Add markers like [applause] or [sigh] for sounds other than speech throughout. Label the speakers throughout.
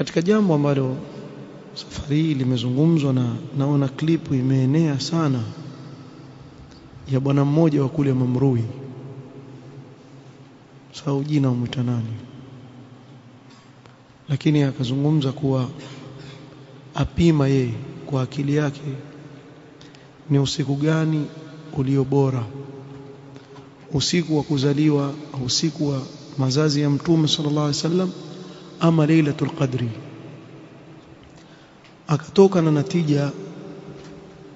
Speaker 1: katika jambo ambalo safari hii limezungumzwa na naona klipu imeenea sana ya bwana mmoja wa kule Mamrui sawa jina umwita nani lakini akazungumza kuwa apima yeye kwa akili yake ni usiku gani ulio bora usiku wa kuzaliwa usiku wa mazazi ya mtume sallallahu alaihi wasallam ama lailatul qadri akatoka na natija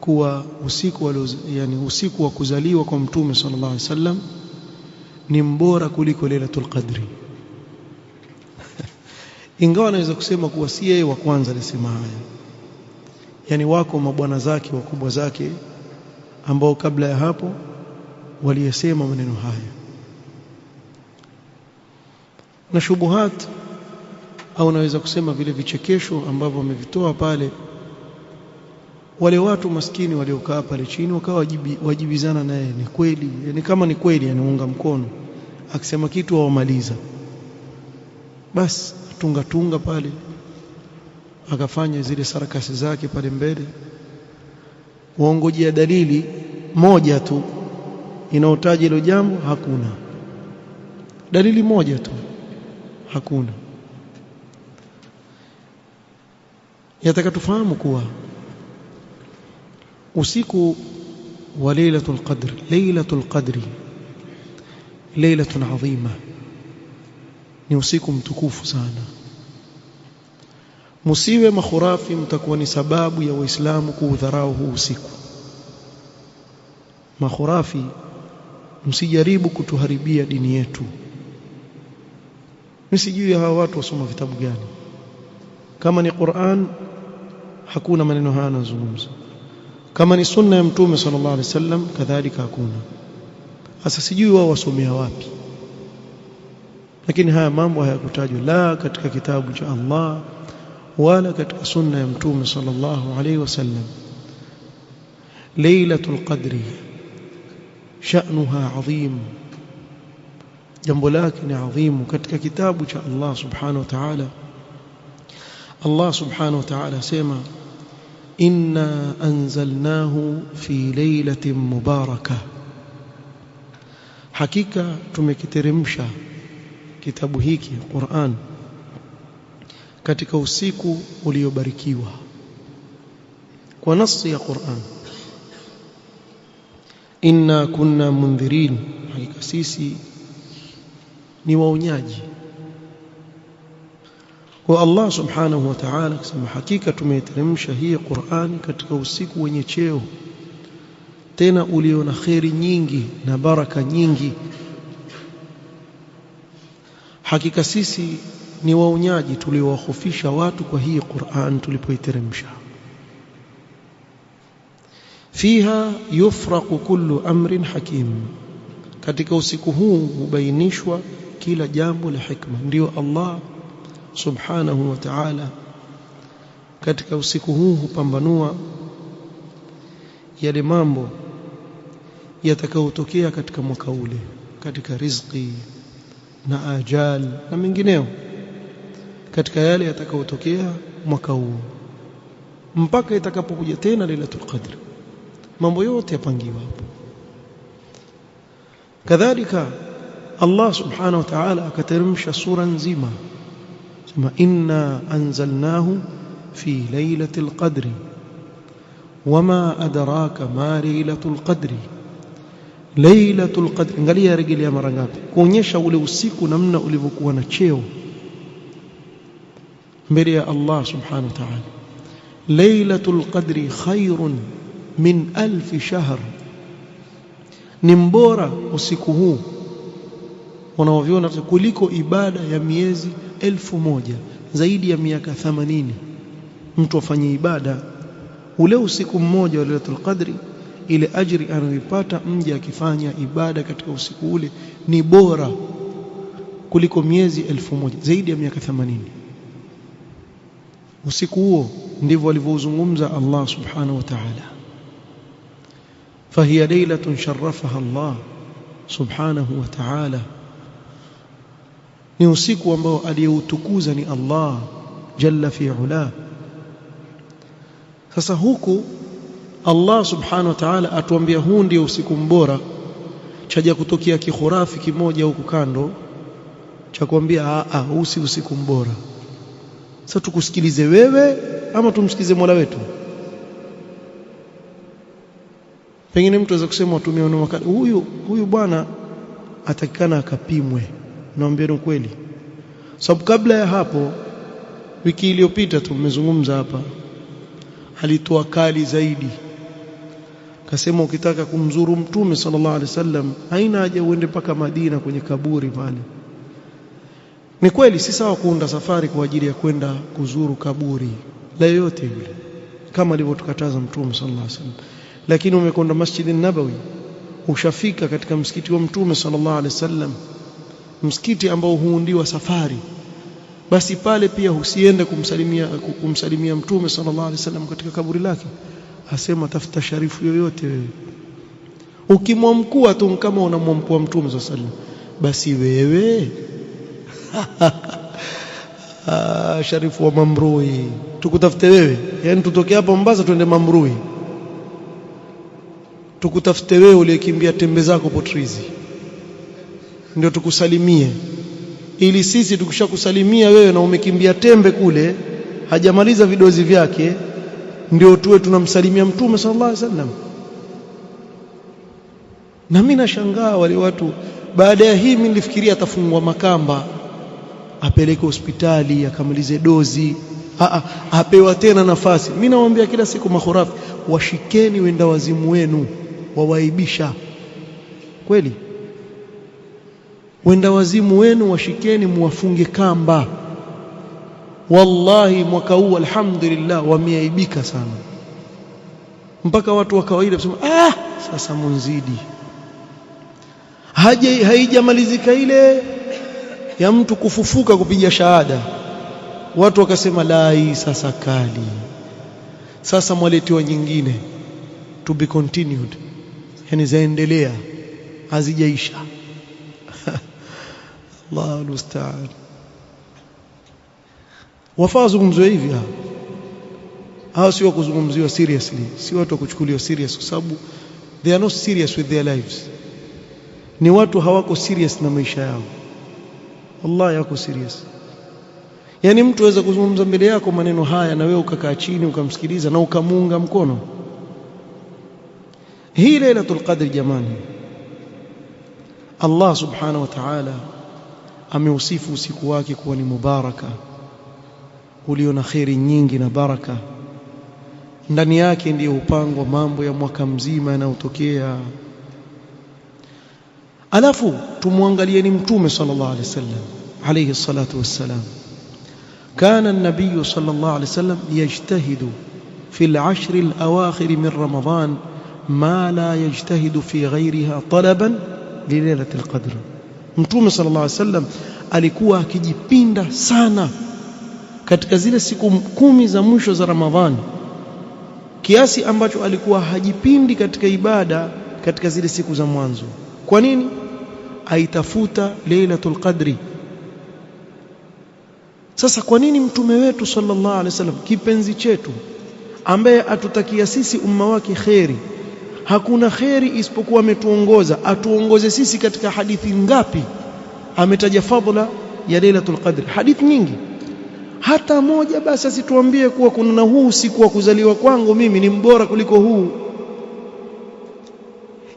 Speaker 1: kuwa usiku wa yani usiku wa kuzaliwa kwa mtume sallallahu alaihi wasallam ni mbora kuliko lailatul qadri [laughs] ingawa anaweza kusema kuwa si yeye wa kwanza alisema haya yani wako mabwana zake wakubwa zake ambao kabla ya hapo waliyesema maneno haya na shubuhat au naweza kusema vile vichekesho ambavyo wamevitoa pale, wale watu maskini waliokaa pale chini wakawa wajibi, wajibizana naye, ni kweli yani, kama ni kweli anaunga mkono, akisema kitu awamaliza, basi tunga pale, akafanya zile sarakasi zake pale mbele, waongojea dalili moja tu inaotaja hilo jambo. Hakuna dalili moja tu, hakuna. yataka tufahamu kuwa usiku wa lailatul qadr lailatul qadri lailatun adhima ni usiku mtukufu sana msiwe makhurafi mtakuwa ni sababu ya waislamu kuudharau huu usiku makhurafi msijaribu kutuharibia dini yetu msijui hawa watu wasoma vitabu gani kama ni Qur'an hakuna maneno haya yanazungumza kama ni sunna ya mtume sallallahu alaihi wasallam kadhalika hakuna sasa sijui wao wasomea wapi lakini haya mambo hayakutajwa la katika kitabu cha Allah wala katika sunna ya mtume sallallahu alaihi wasallam lailatul qadri sha'nuha adhim jambo lake ni adhimu katika kitabu cha Allah subhanahu wa ta'ala Allah subhanahu wa ta'ala asema inna anzalnahu fi lailatin mubarakah hakika tumekiteremsha kitabu hiki Qur'an katika usiku uliobarikiwa kwa nasi ya Qur'an inna kunna mundhirin hakika sisi ni waonyaji kwa Allah subhanahu wa ta'ala kusema hakika tumeiteremsha hii Qur'ani katika usiku wenye cheo tena ulio na kheri nyingi na baraka nyingi hakika sisi ni waonyaji tuliowahofisha watu kwa hii Qur'an tulipoiteremsha fiha yufraqu kullu amrin hakim katika usiku huu hubainishwa kila jambo la hikma ndiyo Allah subhanahu wa ta'ala katika usiku huu hupambanua yale mambo yatakayotokea katika mwaka ule katika rizqi na ajali na mengineo katika yale yatakayotokea mwaka huu mpaka itakapokuja tena lailatul qadr mambo yote yapangiwa hapo kadhalika Allah subhanahu wa ta'ala akateremsha sura nzima sema inna anzalnahu fi lailatul qadri wama adraka ma lailatul qadri lailatul qadri angalia regelea mara ngapi kuonyesha ule usiku namna ulivyokuwa na cheo mbele ya Allah subhanahu wa ta'ala lailatul qadri khairun min alf shahr ni mbora usiku huu unaoviona kuliko ibada ya miezi elfu moja zaidi ya miaka 80 mtu afanye ibada ule usiku mmoja wa Lailatul Qadri, ile ajri anayoipata mja akifanya ibada katika usiku ule ni bora kuliko miezi elfu moja zaidi ya miaka 80. Usiku huo ndivyo alivyouzungumza Allah subhanahu wa ta'ala, fahiya lailatun sharafaha Allah subhanahu wa ta'ala ni usiku ambao aliyeutukuza ni Allah jalla fi ula sasa huku Allah subhanahu wa ta'ala atuambia huu ndio usiku mbora chaja kutokea kihurafi kimoja huku kando cha kuambia a ah, ah, huu si usiku mbora sasa tukusikilize wewe ama tumsikilize Mola wetu pengine mtu aweza kusema watumie wakati huyu huyu bwana atakikana akapimwe naambia ni kweli sababu kabla ya hapo wiki iliyopita tumezungumza hapa alitoa kali zaidi akasema ukitaka kumzuru mtume sallallahu alaihi wasallam haina haja uende mpaka Madina kwenye kaburi pale ni kweli si sawa kuunda safari kwa ajili ya kwenda kuzuru kaburi la yoyote yule kama alivyotukataza mtume sallallahu alaihi wasallam lakini umekonda masjidi Nabawi ushafika katika msikiti wa mtume sallallahu alaihi wasallam msikiti ambao huundiwa safari basi pale pia husiende kumsalimia kumsalimia mtume sallallahu alaihi wasallam katika kaburi lake asema tafuta sharifu yoyote wewe ukimwamkua tu kama unamwamkua mtume sallallahu alaihi wasallam basi wewe [laughs] ah, sharifu wa mamrui tukutafute wewe yani tutoke hapa Mombasa tuende mamrui tukutafute wewe uliyekimbia tembe zako potrizi ndio tukusalimie ili sisi tukishakusalimia wewe na umekimbia tembe kule hajamaliza vidozi vyake ndio tuwe tunamsalimia mtume sallallahu alaihi wasallam na mimi nashangaa wale watu baada ya hii mimi nilifikiria atafungwa makamba apeleke hospitali akamalize dozi a, a, apewa tena nafasi mimi nawaambia kila siku mahurafi washikeni wenda wazimu wenu wawaibisha kweli wenda wazimu wenu washikeni, muwafunge kamba. Wallahi, mwaka huu alhamdulillah, wameaibika sana, mpaka watu wa kawaida wasema ah, sasa munzidi. Haja haijamalizika ile ya mtu kufufuka kupiga shahada, watu wakasema hii sasa kali, sasa mwaletewa nyingine, to be continued, yani zaendelea, hazijaisha. Allah alusta'an wafazungumzwe hivi hawa hawa sio kuzungumziwa seriously si watu wa kuchukuliwa serious kwa sababu they are not serious with their lives ni watu hawako serious na maisha yao wallahi hawako serious yani mtu aweza kuzungumza mbele yako maneno haya na wewe ukakaa chini ukamsikiliza na ukamuunga mkono hii lailatul qadr jamani Allah subhanahu wa ta'ala ameusifu usiku wake kuwa ni mubaraka ulio na kheri nyingi na baraka ndani yake ndiyo upangwa mambo ya mwaka mzima yanayotokea alafu tumwangalieni mtume sallallahu alaihi wasallam alayhi salatu wassalam كان النبي صلى الله عليه وسلم يجتهد في العشر الأواخر من رمضان ما لا يجتهد في غيرها طلبا لليلة القدر Mtume sallallahu alaihi wasallam alikuwa akijipinda sana katika zile siku kumi za mwisho za Ramadhani, kiasi ambacho alikuwa hajipindi katika ibada katika zile siku za mwanzo. Kwa nini? Aitafuta Lailatul Qadri. Sasa kwa nini mtume wetu sallallahu alaihi wasallam kipenzi chetu ambaye atutakia sisi umma wake kheri hakuna kheri isipokuwa ametuongoza atuongoze sisi katika hadithi ngapi ametaja fadhila ya lailatul qadr hadithi nyingi hata moja basi asituambie kuwa kuna na huu usiku wa kuzaliwa kwangu mimi ni mbora kuliko huu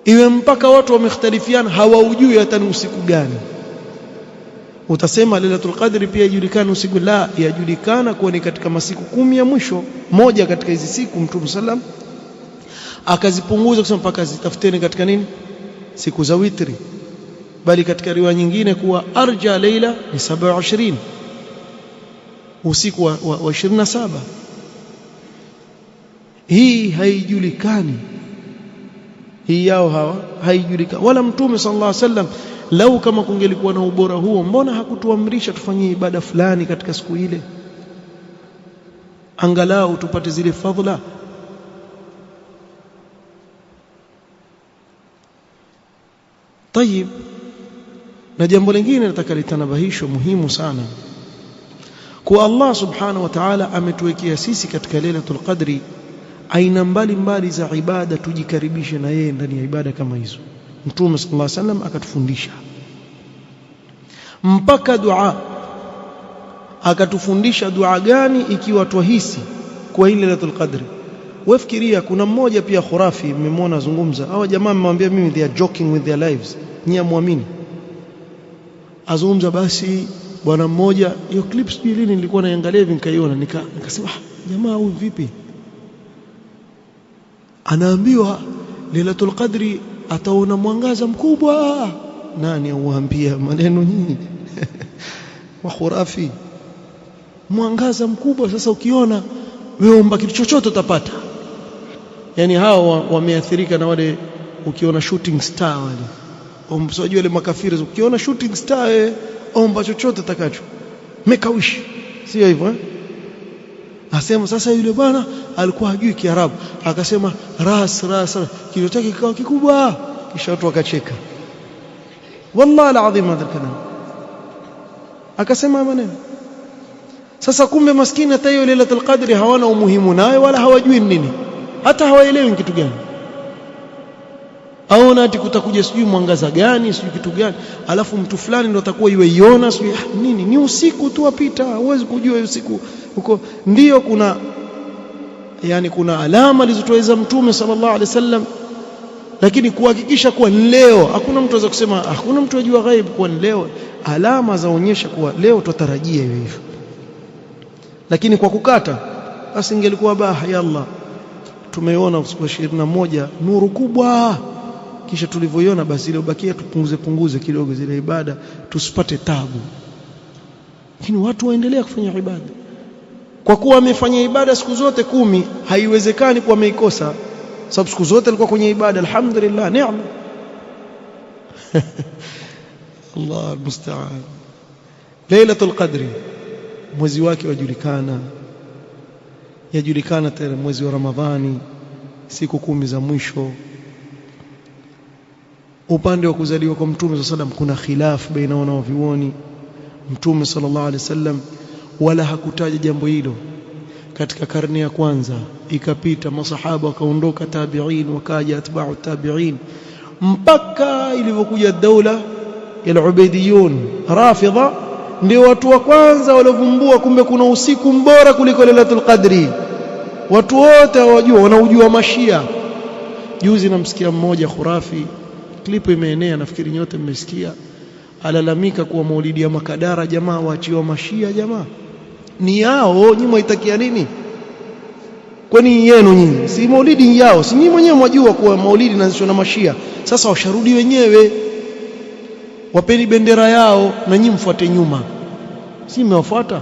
Speaker 1: iwe mpaka watu wamekhtalifiana hawaujui hata ni usiku gani utasema lailatul qadri pia ijulikana usiku la yajulikana kuwa ni katika masiku kumi ya mwisho moja katika hizi siku mtume sallam akazipunguza kusema mpaka zitafuteni katika nini siku za witri, bali katika riwaya nyingine kuwa arja leila ni 27 usiku wa 27. Hii haijulikani hii yao hawa haijulikani, wala Mtume sallallahu alaihi wasallam lau kama kungelikuwa na ubora huo, mbona hakutuamrisha tufanyie ibada fulani katika siku ile, angalau tupate zile fadhila tayib na jambo lingine nataka litanabahisho muhimu sana kuwa Allah subhanahu wa ta'ala ametuwekea sisi katika Lailatul Qadri aina mbalimbali za ibada tujikaribishe na yeye ndani ya ibada kama hizo Mtume صلى الله عليه وسلم akatufundisha mpaka dua akatufundisha dua gani ikiwa twahisi kwa ile Lailatul Qadri Wefikiria kuna mmoja pia khurafi, mmemwona zungumza, hawa jamaa mmemwambia mimi they are joking with their lives, nyie muamini Azungumza basi bwana mmoja, hiyo clips sijui lini nilikuwa naiangalia hivi nikaiona, nikasema ah, jamaa huyu vipi? Anaambiwa Lailatul Qadri ataona mwangaza mkubwa. Nani auambia maneno nyinyi [laughs] wa khurafi? Mwangaza mkubwa, sasa ukiona weomba kitu chochote utapata yani hao wameathirika wa na wale ukiona shooting star wale umsojua wale makafiri ukiona shooting star eh, omba chochote takacho make a wish sio hivyo eh? asema sasa yule bwana alikuwa hajui Kiarabu akasema ras ras kilio chake kikawa kikubwa kisha watu wakacheka wallahi alazim hadha kalam akasema maneno sasa kumbe maskini hata hiyo lailatul qadri hawana umuhimu nayo wala hawajui nini hata hawaelewi kitu gani. Aona ati kutakuja sijui mwangaza gani sijui kitu gani, alafu mtu fulani ndo atakuwa iwe iona sijui ah, nini. Ni usiku tu wapita, huwezi kujua usiku huko. ndio kuna yani, kuna alama alizotoeza Mtume sallallahu alaihi wasallam, lakini kuhakikisha kuwa ni leo, hakuna mtu aweza kusema, ah, hakuna mtu ajua ghaibu kuwa ni leo. Alama zaonyesha kuwa leo tutarajia hiyo hivyo, lakini kwa kukata basi ingelikuwa bah ya Allah tumeiona usiku wa moja nuru kubwa kisha tulivyoiona basi ubakia tupunguze punguze kidogo zile ibada tusipate tabu lakini watu waendelea kufanya ibada kwa kuwa wamefanya ibada siku zote kumi haiwezekani kuwa ameikosa sababu siku zote alikuwa kwenye ibada alhamdulillah neema [laughs] Allah musta'an lailatul qadri mwezi wake wajulikana yajulikana tarehe mwezi wa Ramadhani, siku kumi za mwisho. Upande wa kuzaliwa kwa Mtume SAW kuna khilafu baina wanaovioni Mtume sallallahu alaihi wasallam wala hakutaja jambo hilo katika karne ya kwanza, ikapita masahaba wakaondoka, tabiin wakaja atbau tabiin, mpaka ilivyokuja daula ya Ubaidiyun Rafidha ndio watu wa kwanza waliovumbua kumbe kuna usiku mbora kuliko Lailatul Qadri. Watu wote hawajua, wanaujua Mashia. Juzi namsikia mmoja khurafi, klipu imeenea, nafikiri nyote mmesikia, alalamika kuwa maulidi ya Makadara jamaa waachiwa Mashia. Jamaa ni yao, nyinyi mwaitakia nini? Kwani yenu nyinyi si maulidi yao? Si nyinyi mwenyewe mwajua kuwa maulidi inaanzishwa na Mashia? Sasa washarudi wenyewe wapeni bendera yao na nyinyi mfuate nyuma, si mmewafuata?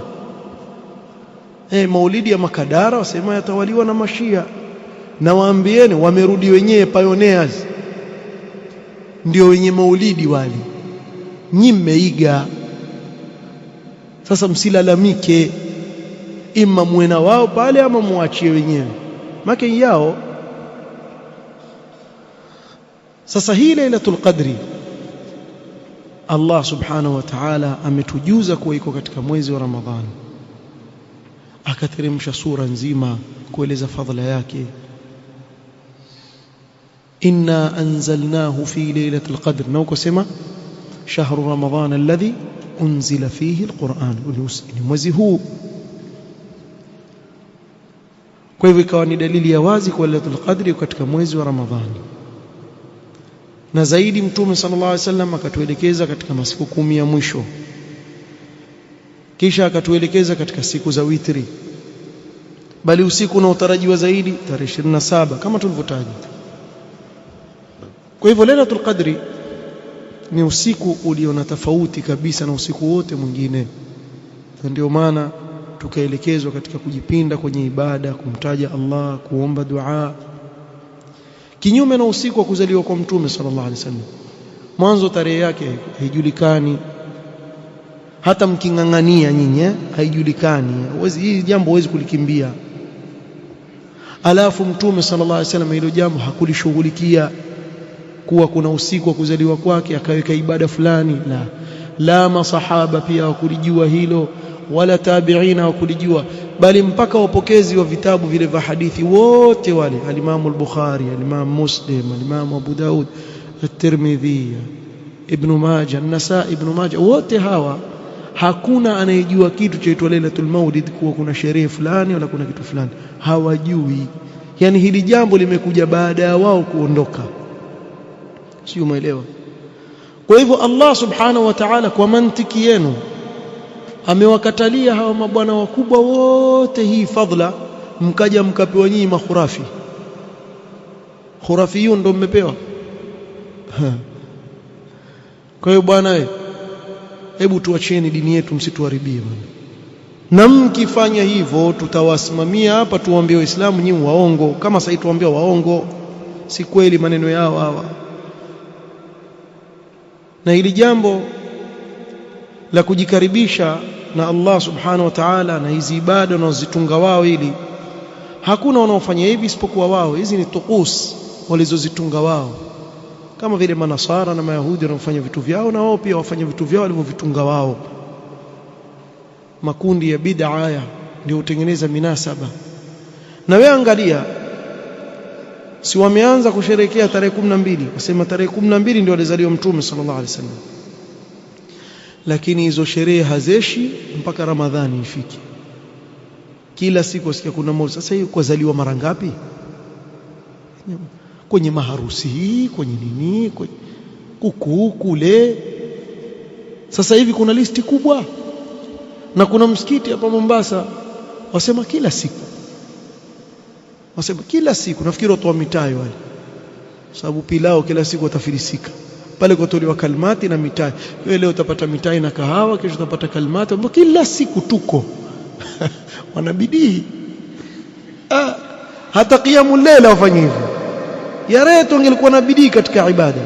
Speaker 1: E, maulidi ya Makadara wasema yatawaliwa na Mashia, na waambieni wamerudi wenyewe pioneers, ndio wenye maulidi wali nyinyi mmeiga. Sasa msilalamike, ima muwe na wao pale ama muachie wenyewe make yao. Sasa hii Lailatul Qadri Allah subhanahu wa ta'ala ametujuza kuwa iko katika mwezi wa Ramadhani akateremsha sura nzima kueleza fadhila yake inna anzalnahu fi lailatul alqadr na ukosema shahru ramadhan alladhi unzila fihi alquran ni mwezi huu kwa hivyo ikawa ni dalili ya wazi kwa lailatul alqadr katika mwezi wa ramadhani na zaidi mtume sallallahu alaihi wasallam akatuelekeza katika masiku kumi ya mwisho kisha akatuelekeza katika siku za witri bali usiku unaotarajiwa zaidi tarehe 27 kama tulivyotaja kwa hivyo lailatul qadri ni usiku ulio na tofauti kabisa na usiku wote mwingine ndio maana tukaelekezwa katika kujipinda kwenye ibada kumtaja Allah kuomba dua kinyume na usiku wa kuzaliwa kwa mtume sallallahu alaihi wasallam. Mwanzo tarehe yake haijulikani, hata mking'ang'ania nyinyi eh, haijulikani. Hili jambo huwezi kulikimbia. Alafu mtume sallallahu alaihi wasallam hilo jambo hakulishughulikia kuwa kuna usiku wa kuzaliwa kwake akaweka ibada fulani, la la masahaba pia wakulijua hilo, wala tabiina wakulijua bali mpaka wapokezi wa vitabu vile vya hadithi wote wale alimamu al-Bukhari, alimamu Muslim, alimamu Abu Daud, at-Tirmidhi, Ibn Majah, an-Nasa'i, Ibn Majah, wote hawa hakuna anayejua kitu chaitwa Lailatul Maulid, kuwa kuna sherehe fulani wala kuna kitu fulani, hawajui. Yani hili jambo limekuja baada ya wao kuondoka, sio umeelewa? Kwa hivyo Allah subhanahu wa ta'ala, kwa mantiki yenu amewakatalia hawa mabwana wakubwa wote hii fadhila, mkaja mkapewa nyinyi makhurafi. Khurafi hiyo ndo mmepewa. [laughs] Kwa hiyo bwana, hebu tuachieni dini yetu, msituharibie bwana. Na mkifanya hivyo, tutawasimamia hapa, tuwaambie Waislamu nyinyi waongo, kama sasa tuwaambia waongo, si kweli maneno yao hawa. Na hili jambo la kujikaribisha na Allah subhanahu wa ta'ala na hizi ibada wanazozitunga wao, ili hakuna wanaofanya hivi isipokuwa wao. Hizi ni tukus walizozitunga wao, kama vile manasara na mayahudi wanaofanya vitu vyao, na wao pia wafanya vitu vyao walivyovitunga wao. Makundi ya bid'a haya ndio hutengeneza minasaba, na wewe angalia si wameanza kusherehekea tarehe 12, wasema tarehe 12 ndio alizaliwa Mtume sallallahu alaihi wasallam lakini hizo sherehe hazeshi mpaka Ramadhani ifike. Kila siku asikia kuna mmoja. Sasa hiyo kwazaliwa mara ngapi? Kwenye maharusi hii, kwenye nini, kwenye kuku kule. Sasa hivi kuna listi kubwa, na kuna msikiti hapa Mombasa wasema kila siku, wasema kila siku. Nafikiri watu wa mitayo wale, sababu pilao kila siku watafilisika pale kutoliwa kalmati na mitai. Wewe leo utapata mitai na kahawa, kesho utapata kalmati, ambapo kila siku tuko [laughs] wanabidii. Ah, hata kiamu lela wafanye hivyo. Ya reto na bidii katika ibada,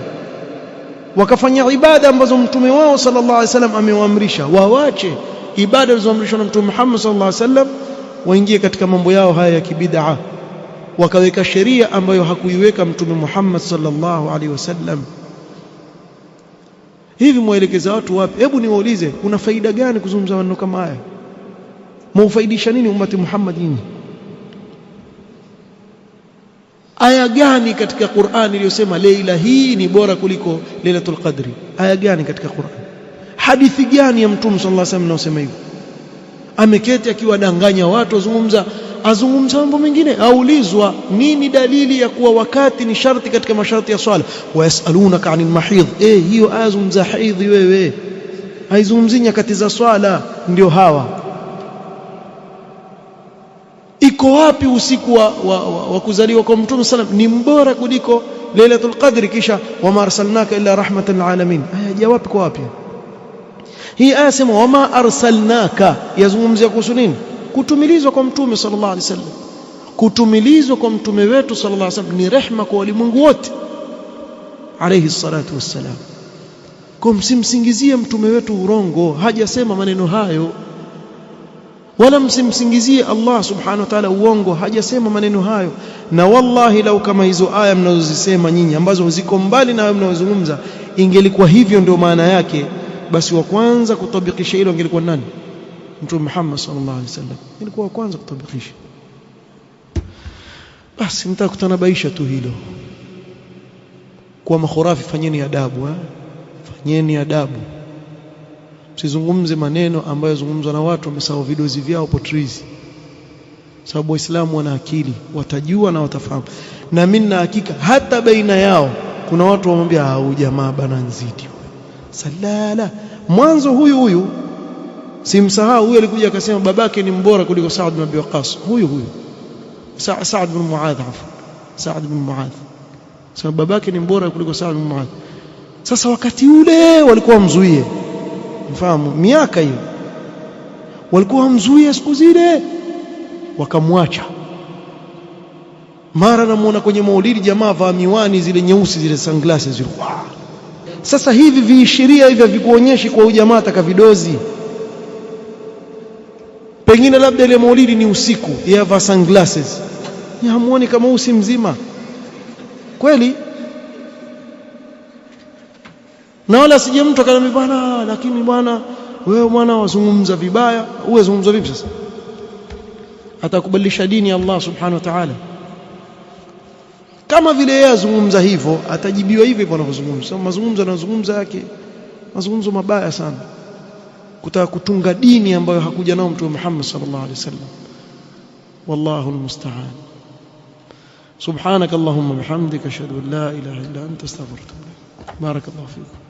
Speaker 1: wakafanya ibada ambazo mtume wao sallallahu alaihi wasallam amewaamrisha wawache ibada zilizoamrishwa na mtume Muhammad sallallahu alaihi wasallam, waingie katika mambo yao haya ya kibid'a, wakaweka sheria ambayo hakuiweka mtume Muhammad sallallahu alaihi wasallam. Hivi mwaelekeza watu wapi? Hebu niwaulize, kuna faida gani kuzungumza maneno kama haya? Mwaufaidisha nini ummati Muhammad? Nyinyi aya gani katika Qur'ani iliyosema leila hii ni bora kuliko Lailatul Qadri? Aya gani katika quran Hadithi gani ya Mtume sallallahu alaihi wasallam inayosema hivyo? Ameketi akiwadanganya watu, wazungumza azungumza mambo mengine, aulizwa nini dalili ya kuwa wakati ni sharti katika masharti ya swala. Wayasalunaka anil mahidh, eh, hiyo azungumza haidhi wewe, aizungumzi nyakati za swala. Ndio hawa iko wapi usiku wa, wa, wa, wa kuzaliwa kwa mtume sallam ni mbora kuliko Lailatul Qadri, kisha wama arsalnaka illa rahmatan lil alamin. Aya wapi kwa wapi hii? Aya sema wama arsalnaka yazungumzia kuhusu nini? kutumilizwa kwa mtume sallallahu alaihi wasallam kutumilizwa kwa mtume wetu sallallahu alaihi wasallam ni rehma kwa walimwengu wote alaihi salatu wassalam kwa msimsingizie mtume wetu urongo hajasema maneno hayo wala msimsingizie Allah subhanahu wa ta'ala uongo hajasema maneno hayo na wallahi lau kama hizo aya mnazozisema nyinyi ambazo ziko mbali na wewe mnazozungumza ingelikuwa hivyo ndio maana yake basi wa kwanza kutabikisha hilo angelikuwa nani mtume Muhammad sallallahu alaihi wasallam ilikuwa kwanza kutabikisha basi baisha tu hilo kwa makhurafi fanyeni adabu eh? fanyeni adabu msizungumze maneno ambayo zungumzwa na watu wamesahau vidozi vyao potrizi sababu waislamu wana akili watajua na watafahamu na mimi na hakika hata baina yao kuna watu wamwambia au jamaa bana nzidi salala mwanzo huyu huyu simsahau huyu alikuja akasema babake ni mbora kuliko Saad bin Abi Waqqas huyo huyo Saad bin Muadh afu Saad bin Muadh sema babake ni mbora kuliko Saad bin Muadh sasa wakati ule walikuwa wamzuie mfahamu miaka hiyo walikuwa wamzuie siku zile wakamwacha mara namuona kwenye maulidi jamaa vaa miwani zile nyeusi zile sunglasses zile sasa hivi viishiria hivi havikuonyeshi kwa ujamaa vidozi pengine labda ile maulidi ni usiku, yavaa sunglasses, hamuoni kama usi mzima kweli? Na wala sije mtu akaniambia bwana, lakini bwana wewe mwana wazungumza vibaya. Uwe zungumza vipi sasa? Atakubadilisha dini ya Allah subhanahu wa ta'ala? Kama vile yeye azungumza hivyo, atajibiwa hivyo hivyo anavyozungumza. Mazungumzo anazungumza yake mazungumzo mabaya sana. kutaka kutunga dini ambayo hakuja nao mtume Muhammad sallallahu alaihi wasallam wallahu almusta'an subhanakallahumma bihamdika ashhadu an la ilaha illa anta astaghfiruka wa atubu ilaik barakallahu fiikum